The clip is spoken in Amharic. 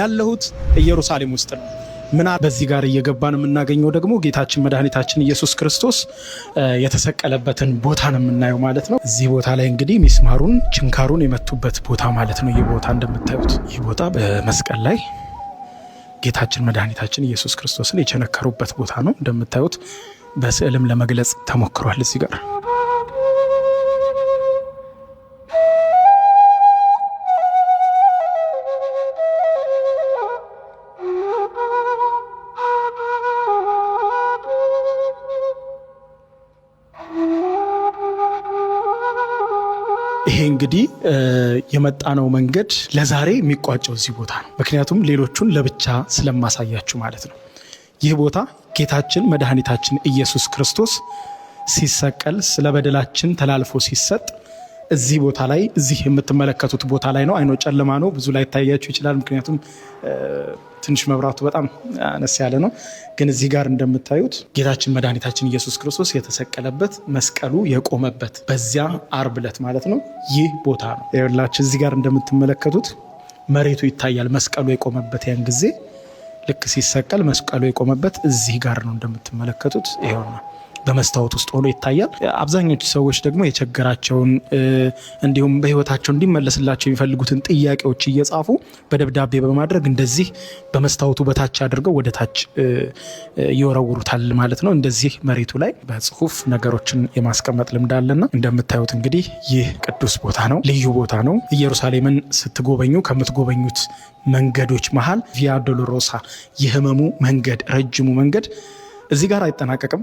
ያለሁት ኢየሩሳሌም ውስጥ ነው። ምና በዚህ ጋር እየገባን የምናገኘው ደግሞ ጌታችን መድኃኒታችን ኢየሱስ ክርስቶስ የተሰቀለበትን ቦታ ነው የምናየው ማለት ነው። እዚህ ቦታ ላይ እንግዲህ ሚስማሩን ችንካሩን የመቱበት ቦታ ማለት ነው። ይህ ቦታ እንደምታዩት ይህ ቦታ በመስቀል ላይ ጌታችን መድኃኒታችን ኢየሱስ ክርስቶስን የቸነከሩበት ቦታ ነው። እንደምታዩት በስዕልም ለመግለጽ ተሞክሯል እዚህ ጋር ይሄ እንግዲህ የመጣነው መንገድ ለዛሬ የሚቋጨው እዚህ ቦታ ነው። ምክንያቱም ሌሎቹን ለብቻ ስለማሳያችሁ ማለት ነው። ይህ ቦታ ጌታችን መድኃኒታችን ኢየሱስ ክርስቶስ ሲሰቀል ስለ በደላችን ተላልፎ ሲሰጥ እዚህ ቦታ ላይ እዚህ የምትመለከቱት ቦታ ላይ ነው። አይኖ ጨለማ ነው፣ ብዙ ላይ ይታያችሁ ይችላል። ምክንያቱም ትንሽ መብራቱ በጣም አነስ ያለ ነው። ግን እዚህ ጋር እንደምታዩት ጌታችን መድኃኒታችን ኢየሱስ ክርስቶስ የተሰቀለበት መስቀሉ የቆመበት በዚያ አርብ ዕለት ማለት ነው ይህ ቦታ ነው የላችሁ። እዚህ ጋር እንደምትመለከቱት መሬቱ ይታያል፣ መስቀሉ የቆመበት ያን ጊዜ ልክ ሲሰቀል መስቀሉ የቆመበት እዚህ ጋር ነው እንደምትመለከቱት ይኸው ነው። በመስታወት ውስጥ ሆኖ ይታያል። አብዛኞቹ ሰዎች ደግሞ የቸገራቸውን እንዲሁም በህይወታቸው እንዲመለስላቸው የሚፈልጉትን ጥያቄዎች እየጻፉ በደብዳቤ በማድረግ እንደዚህ በመስታወቱ በታች አድርገው ወደ ታች ይወረውሩታል ማለት ነው። እንደዚህ መሬቱ ላይ በጽሁፍ ነገሮችን የማስቀመጥ ልምድ አለና እንደምታዩት እንግዲህ ይህ ቅዱስ ቦታ ነው፣ ልዩ ቦታ ነው። ኢየሩሳሌምን ስትጎበኙ ከምትጎበኙት መንገዶች መሀል ቪያ ዶሎሮሳ የህመሙ መንገድ ረጅሙ መንገድ እዚህ ጋር አይጠናቀቅም።